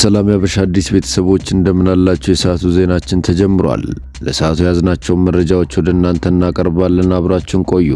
ሰላም ያበሻ አዲስ ቤተሰቦች እንደምናላቸው የሰዓቱ ዜናችን ተጀምሯል። ለሰዓቱ የያዝናቸውን መረጃዎች ወደ እናንተ እናቀርባለን። አብራችን ቆዩ።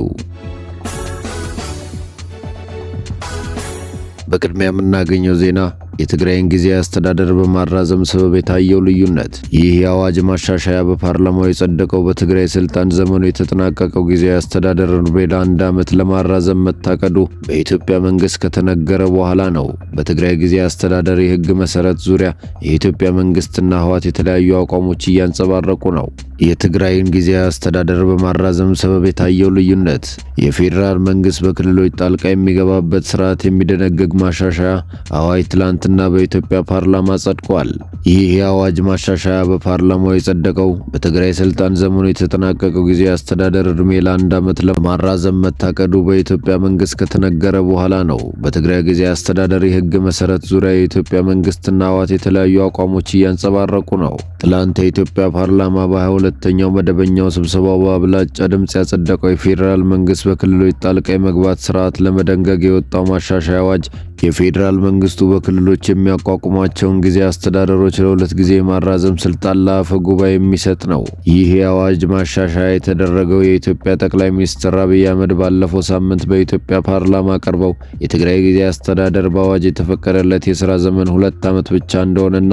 በቅድሚያ የምናገኘው ዜና የትግራይን ጊዜ አስተዳደር በማራዘም ሰበብ የታየው ልዩነት። ይህ የአዋጅ ማሻሻያ በፓርላማው የጸደቀው በትግራይ ስልጣን ዘመኑ የተጠናቀቀው ጊዜ አስተዳደር ርቤላ አንድ ዓመት ለማራዘም መታቀዱ በኢትዮጵያ መንግስት ከተነገረ በኋላ ነው። በትግራይ ጊዜ አስተዳደር የህግ መሠረት ዙሪያ የኢትዮጵያ መንግስትና ህዋት የተለያዩ አቋሞች እያንጸባረቁ ነው። የትግራይን ጊዜ አስተዳደር በማራዘም ሰበብ የታየው ልዩነት። የፌዴራል መንግስት በክልሎች ጣልቃ የሚገባበት ስርዓት የሚደነግግ ማሻሻያ አዋጅ ትላንት ትናንትና በኢትዮጵያ ፓርላማ ጸድቋል። ይህ የአዋጅ ማሻሻያ በፓርላማው የጸደቀው በትግራይ ስልጣን ዘመኑ የተጠናቀቀው ጊዜ አስተዳደር እድሜ ለአንድ ዓመት ለማራዘም መታቀዱ በኢትዮጵያ መንግስት ከተነገረ በኋላ ነው። በትግራይ ጊዜ አስተዳደር የህግ መሰረት ዙሪያ የኢትዮጵያ መንግስትና አዋት የተለያዩ አቋሞች እያንጸባረቁ ነው። ትላንት የኢትዮጵያ ፓርላማ በ 22 ለተኛው መደበኛው ስብሰባው በአብላጫ ድምፅ ያጸደቀው የፌዴራል መንግስት በክልሎች ጣልቃ የመግባት ስርዓት ለመደንገግ የወጣው ማሻሻያ አዋጅ የፌዴራል መንግስቱ በክልሎች የሚያቋቁሟቸውን ጊዜ አስተዳደሮች ለሁለት ጊዜ የማራዘም ስልጣን ለአፈ ጉባኤ የሚሰጥ ነው። ይህ የአዋጅ ማሻሻያ የተደረገው የኢትዮጵያ ጠቅላይ ሚኒስትር አብይ አህመድ ባለፈው ሳምንት በኢትዮጵያ ፓርላማ ቀርበው የትግራይ ጊዜ አስተዳደር በአዋጅ የተፈቀደለት የስራ ዘመን ሁለት ዓመት ብቻ እንደሆነና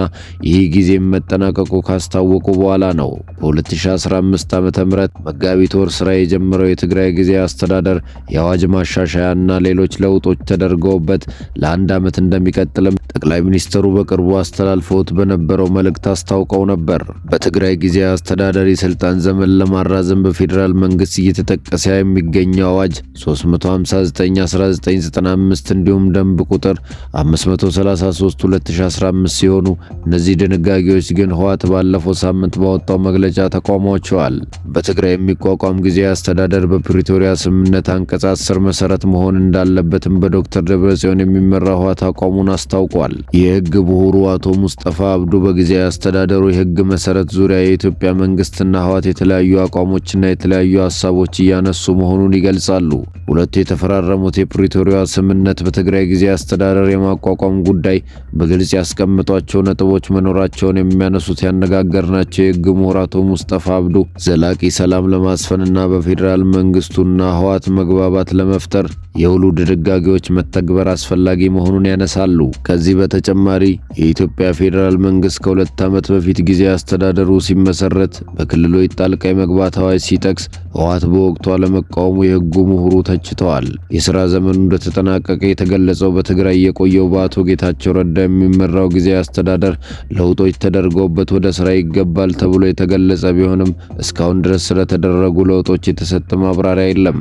ይህ ጊዜም መጠናቀቁ ካስታወቁ በኋላ ነው። በ2015 ዓ ም መጋቢት ወር ስራ የጀመረው የትግራይ ጊዜ አስተዳደር የአዋጅ ማሻሻያና ሌሎች ለውጦች ተደርገውበት ለአንድ ዓመት እንደሚቀጥልም ጠቅላይ ሚኒስትሩ በቅርቡ አስተላልፈውት በነበረው መልእክት አስታውቀው ነበር። በትግራይ ጊዜ አስተዳደር የስልጣን ዘመን ለማራዘም በፌዴራል መንግስት እየተጠቀሰ የሚገኘው አዋጅ 3591995 እንዲሁም ደንብ ቁጥር 5332015 ሲሆኑ እነዚህ ድንጋጌዎች ግን ህወሓት ባለፈው ሳምንት ባወጣው መግለጫ መግለጫ ተቃውሟቸዋል። በትግራይ የሚቋቋም ጊዜያዊ አስተዳደር በፕሪቶሪያ ስምምነት አንቀጽ አስር መሰረት መሆን እንዳለበትም በዶክተር ደብረጽዮን የሚመራ ህወሓት አቋሙን አስታውቋል። የህግ ብሁሩ አቶ ሙስጠፋ አብዱ በጊዜያዊ አስተዳደሩ የህግ መሰረት ዙሪያ የኢትዮጵያ መንግስትና ህወሓት የተለያዩ አቋሞችና የተለያዩ ሀሳቦች እያነሱ መሆኑን ይገልጻሉ። ሁለቱ የተፈራረሙት የፕሪቶሪያ ስምምነት በትግራይ ጊዜያዊ አስተዳደር የማቋቋም ጉዳይ በግልጽ ያስቀምጧቸው ነጥቦች መኖራቸውን የሚያነሱት ያነጋገርናቸው የህግ ምሁር አቶ ሙስጠፋ አብዱ ዘላቂ ሰላም ለማስፈንና በፌዴራል መንግስቱና ህወሓት መግባባት ለመፍጠር የውሉ ድንጋጌዎች መተግበር አስፈላጊ መሆኑን ያነሳሉ። ከዚህ በተጨማሪ የኢትዮጵያ ፌዴራል መንግስት ከሁለት ዓመት በፊት ጊዜ አስተዳደሩ ሲመሰረት በክልሎች ጣልቃ የመግባት አዋጅ ሲጠቅስ ህወሓት በወቅቱ አለመቃወሙ የህጉ ምሁሩ ተችተዋል። የሥራ ዘመኑ እንደተጠናቀቀ የተገለጸው በትግራይ የቆየው በአቶ ጌታቸው ረዳ የሚመራው ጊዜ አስተዳደር ለውጦች ተደርገውበት ወደ ሥራ ይገባል ተብሎ የተገለ የገለጸ ቢሆንም እስካሁን ድረስ ስለተደረጉ ለውጦች የተሰጠ ማብራሪያ የለም።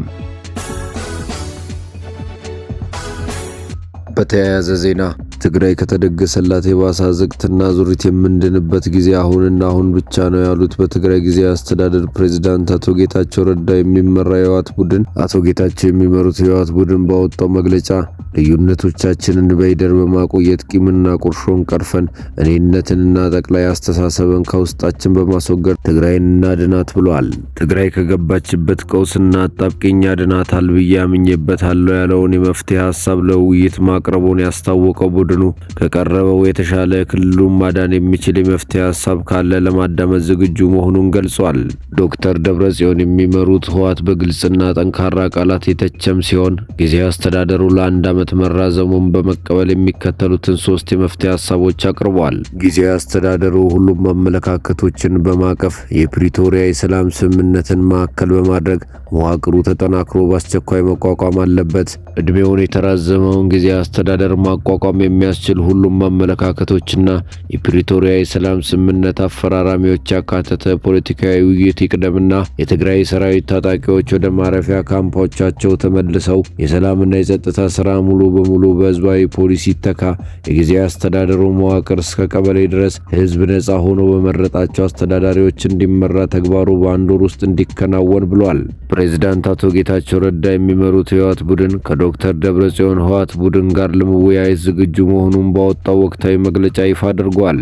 በተያያዘ ዜና ትግራይ ከተደገሰላት የባሰ አዘቅትና ዙሪት የምንድንበት ጊዜ አሁንና አሁን ብቻ ነው ያሉት በትግራይ ጊዜያዊ አስተዳደር ፕሬዚዳንት አቶ ጌታቸው ረዳ የሚመራ የህወሓት ቡድን አቶ ጌታቸው የሚመሩት የህወሓት ቡድን ባወጣው መግለጫ ልዩነቶቻችንን በይደር በማቆየት ቂምና ቁርሾን ቀርፈን እኔነትንና ጠቅላይ አስተሳሰብን ከውስጣችን በማስወገድ ትግራይን እናድናት ብሏል። ትግራይ ከገባችበት ቀውስና አጣብቂኝ ያድናታል ብዬ አምኜበታለሁ ያለውን የመፍትሄ ሀሳብ ለውይይት ማቅረቡን ያስታወቀው ቡድኑ ከቀረበው የተሻለ ክልሉን ማዳን የሚችል የመፍትሄ ሀሳብ ካለ ለማዳመጥ ዝግጁ መሆኑን ገልጿል። ዶክተር ደብረጽዮን የሚመሩት ህወሓት በግልጽና ጠንካራ ቃላት የተቸም ሲሆን ጊዜያዊ አስተዳደሩ ለአንድ ዓመት መራዘሙን በመቀበል የሚከተሉትን ሶስት የመፍትሄ ሀሳቦች አቅርቧል። ጊዜያዊ አስተዳደሩ ሁሉም አመለካከቶችን በማቀፍ የፕሪቶሪያ የሰላም ስምምነትን ማዕከል በማድረግ መዋቅሩ ተጠናክሮ በአስቸኳይ መቋቋም አለበት። እድሜውን የተራዘመውን ጊዜያዊ አስተዳደር ማቋቋም የሚያስችል ሁሉም አመለካከቶችና የፕሪቶሪያ የሰላም ስምምነት አፈራራሚዎች ያካተተ ፖለቲካዊ ውይይት ይቅደምና የትግራይ ሰራዊት ታጣቂዎች ወደ ማረፊያ ካምፖቻቸው ተመልሰው የሰላምና የጸጥታ ስራ ሙሉ በሙሉ በህዝባዊ ፖሊስ ይተካ። የጊዜያዊ አስተዳደሩ መዋቅር እስከ ቀበሌ ድረስ ህዝብ ነፃ ሆኖ በመረጣቸው አስተዳዳሪዎች እንዲመራ ተግባሩ በአንድ ወር ውስጥ እንዲከናወን ብሏል። ፕሬዚዳንት አቶ ጌታቸው ረዳ የሚመሩት ህወሓት ቡድን ከዶክተር ደብረጽዮን ህወሓት ቡድን ጋር ለመወያየት ዝግጁ መሆኑን ባወጣው ወቅታዊ መግለጫ ይፋ አድርጓል።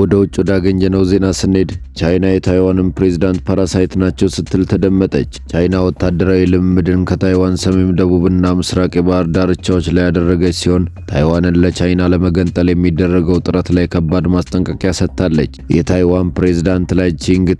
ወደ ውጭ ወዳገኘነው ዜና ስንሄድ ቻይና የታይዋንን ፕሬዝዳንት ፓራሳይት ናቸው ስትል ተደመጠች። ቻይና ወታደራዊ ልምምድን ከታይዋን ሰሜን፣ ደቡብና ምስራቅ የባህር ዳርቻዎች ላይ ያደረገች ሲሆን ታይዋንን ለቻይና ለመገንጠል የሚደረገው ጥረት ላይ ከባድ ማስጠንቀቂያ ሰጥታለች። የታይዋን ፕሬዝዳንት ላይ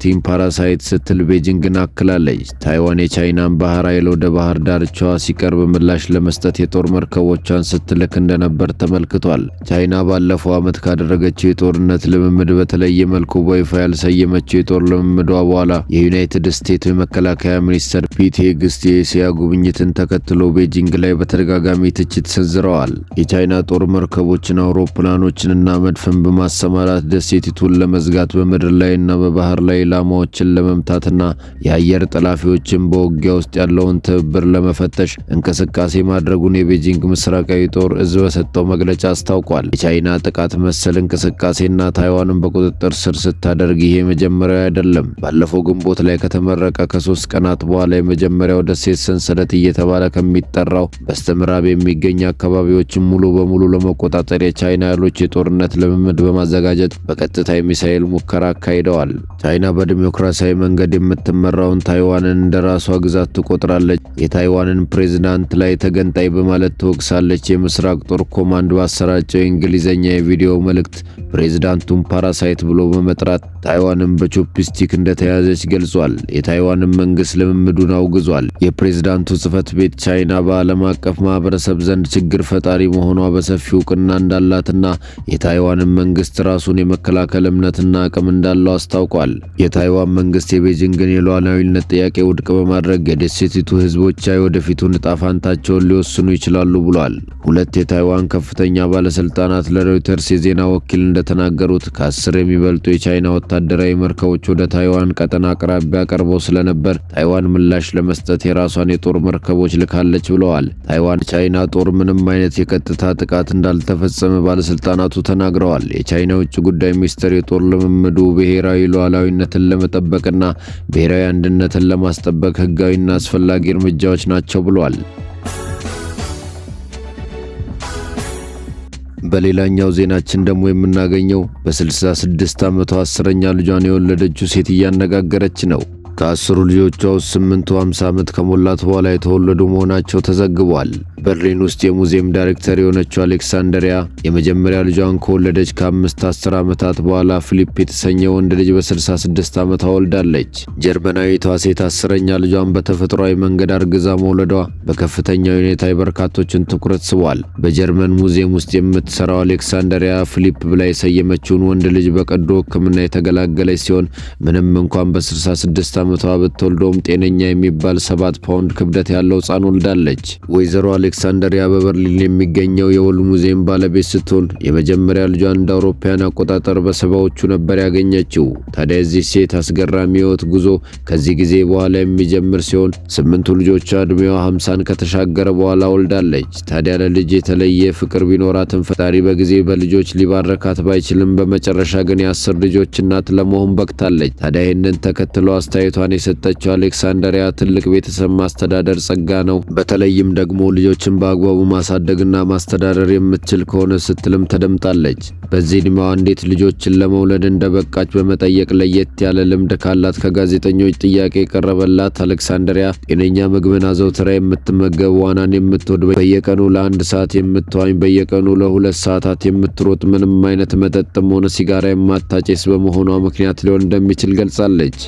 ቲም ፓራሳይት ስትል ቤጂንግን አክላለች። ታይዋን የቻይናን ባህር ኃይል ወደ ባህር ዳርቻዋ ሲቀርብ ምላሽ ለመስጠት የጦር መርከቦቿን ስትልክ እንደነበር ተመልክቷል። ቻይና ባለፈው ዓመት ካደረገችው የጦርነት ልምምድ በተለየ መልኩ በይፋ ያልሰየ መቼ የጦር ልምምዷ በኋላ የዩናይትድ ስቴትስ የመከላከያ ሚኒስትር ፒት ሄግስት የእስያ ጉብኝትን ተከትሎ ቤጂንግ ላይ በተደጋጋሚ ትችት ሰንዝረዋል። የቻይና ጦር መርከቦችን፣ አውሮፕላኖችን እና መድፍን በማሰማራት ደሴቲቱን ለመዝጋት በምድር ላይ እና በባህር ላይ ኢላማዎችን ለመምታትና የአየር ጠላፊዎችን በውጊያ ውስጥ ያለውን ትብብር ለመፈተሽ እንቅስቃሴ ማድረጉን የቤጂንግ ምስራቃዊ ጦር እዝ በሰጠው መግለጫ አስታውቋል። የቻይና ጥቃት መሰል እንቅስቃሴና ታይዋንን በቁጥጥር ስር ስታደርግ ይሄ የመጀመሪያው አይደለም። ባለፈው ግንቦት ላይ ከተመረቀ ከሶስት ቀናት በኋላ የመጀመሪያው ደሴት ሰንሰለት እየተባለ ከሚጠራው በስተምዕራብ የሚገኝ አካባቢዎችን ሙሉ በሙሉ ለመቆጣጠር የቻይና ኃይሎች የጦርነት ልምምድ በማዘጋጀት በቀጥታ የሚሳኤል ሙከራ አካሂደዋል። ቻይና በዲሞክራሲያዊ መንገድ የምትመራውን ታይዋንን እንደ ራሷ ግዛት ትቆጥራለች። የታይዋንን ፕሬዝዳንት ላይ ተገንጣይ በማለት ትወቅሳለች። የምስራቅ ጦር ኮማንድ ባሰራጨው የእንግሊዝኛ የቪዲዮ መልእክት ፕሬዝዳንቱን ፓራሳይት ብሎ በመጥራት ታይዋን ታይዋንም በቾፕስቲክ እንደተያዘች ገልጿል። የታይዋንም መንግስት ልምምዱን አውግዟል። የፕሬዝዳንቱ ጽህፈት ቤት ቻይና በዓለም አቀፍ ማህበረሰብ ዘንድ ችግር ፈጣሪ መሆኗ በሰፊ እውቅና እንዳላትና የታይዋንም መንግስት ራሱን የመከላከል እምነትና አቅም እንዳለው አስታውቋል። የታይዋን መንግስት የቤጂንግን የሉዓላዊነት ጥያቄ ውድቅ በማድረግ የደሴቲቱ ህዝቦች ቻይ ወደፊቱን እጣ ሊወስኑ ይችላሉ ብሏል። ሁለት የታይዋን ከፍተኛ ባለስልጣናት ለሮይተርስ የዜና ወኪል እንደተናገሩት ከአስር የሚበልጡ የቻይና ወታደራዊ ወታደራዊ መርከቦች ወደ ታይዋን ቀጠና አቅራቢያ ቀርበው ስለነበር ታይዋን ምላሽ ለመስጠት የራሷን የጦር መርከቦች ልካለች ብለዋል። ታይዋን ቻይና ጦር ምንም አይነት የቀጥታ ጥቃት እንዳልተፈጸመ ባለስልጣናቱ ተናግረዋል። የቻይና ውጭ ጉዳይ ሚኒስትር የጦር ልምምዱ ብሔራዊ ሉዓላዊነትን ለመጠበቅና ብሔራዊ አንድነትን ለማስጠበቅ ህጋዊና አስፈላጊ እርምጃዎች ናቸው ብሏል። በሌላኛው ዜናችን ደግሞ የምናገኘው በ66 ዓመቷ አስረኛ ልጇን የወለደችው ሴት እያነጋገረች ነው። ከአስሩ ልጆቿ ውስጥ ስምንቱ 50 ዓመት ከሞላት በኋላ የተወለዱ መሆናቸው ተዘግቧል። በርሊን ውስጥ የሙዚየም ዳይሬክተር የሆነችው አሌክሳንደሪያ የመጀመሪያ ልጇን ከወለደች ከአምስት አስር ዓመታት በኋላ ፊሊፕ የተሰኘ ወንድ ልጅ በ66 ዓመቷ ወልዳለች። ጀርመናዊቷ ሴት አስረኛ ልጇን በተፈጥሯዊ መንገድ አርግዛ መውለዷ በከፍተኛ ሁኔታ የበርካቶችን ትኩረት ስቧል። በጀርመን ሙዚየም ውስጥ የምትሰራው አሌክሳንደሪያ ፊሊፕ ብላ የሰየመችውን ወንድ ልጅ በቀዶ ሕክምና የተገላገለች ሲሆን ምንም እንኳን በ66 ዓመቷ በተወልዶም ጤነኛ የሚባል ሰባት ፓውንድ ክብደት ያለው ሕፃን ወልዳለች። ወይዘሮ አሌክሳንደሪያ በበርሊን የሚገኘው የወል ሙዚየም ባለቤት ስትሆን የመጀመሪያ ልጇን እንደ አውሮፓውያን አቆጣጠር በሰባዎቹ ነበር ያገኘችው። ታዲያ የዚህ ሴት አስገራሚ ሕይወት ጉዞ ከዚህ ጊዜ በኋላ የሚጀምር ሲሆን ስምንቱ ልጆቿ ዕድሜዋ ሀምሳን ከተሻገረ በኋላ ወልዳለች። ታዲያ ለልጅ የተለየ ፍቅር ቢኖራትም ፈጣሪ በጊዜ በልጆች ሊባረካት ባይችልም በመጨረሻ ግን የአስር ልጆች እናት ለመሆን በቅታለች። ታዲያ ይህንን ተከትሎ አስተያየ ቤቷን የሰጠችው አሌክሳንደሪያ ትልቅ ቤተሰብ ማስተዳደር ጸጋ ነው። በተለይም ደግሞ ልጆችን በአግባቡ ማሳደግና ማስተዳደር የምትችል ከሆነ ስትልም ተደምጣለች። በዚህ ዕድሜዋ እንዴት ልጆችን ለመውለድ እንደበቃች በመጠየቅ ለየት ያለ ልምድ ካላት ከጋዜጠኞች ጥያቄ የቀረበላት አሌክሳንደሪያ ጤነኛ ምግብን አዘውትራ የምትመገብ፣ ዋናን የምትወድ፣ በየቀኑ ለአንድ ሰዓት የምትዋኝ፣ በየቀኑ ለሁለት ሰዓታት የምትሮጥ፣ ምንም አይነት መጠጥም ሆነ ሲጋራ የማታጨስ በመሆኗ ምክንያት ሊሆን እንደሚችል ገልጻለች።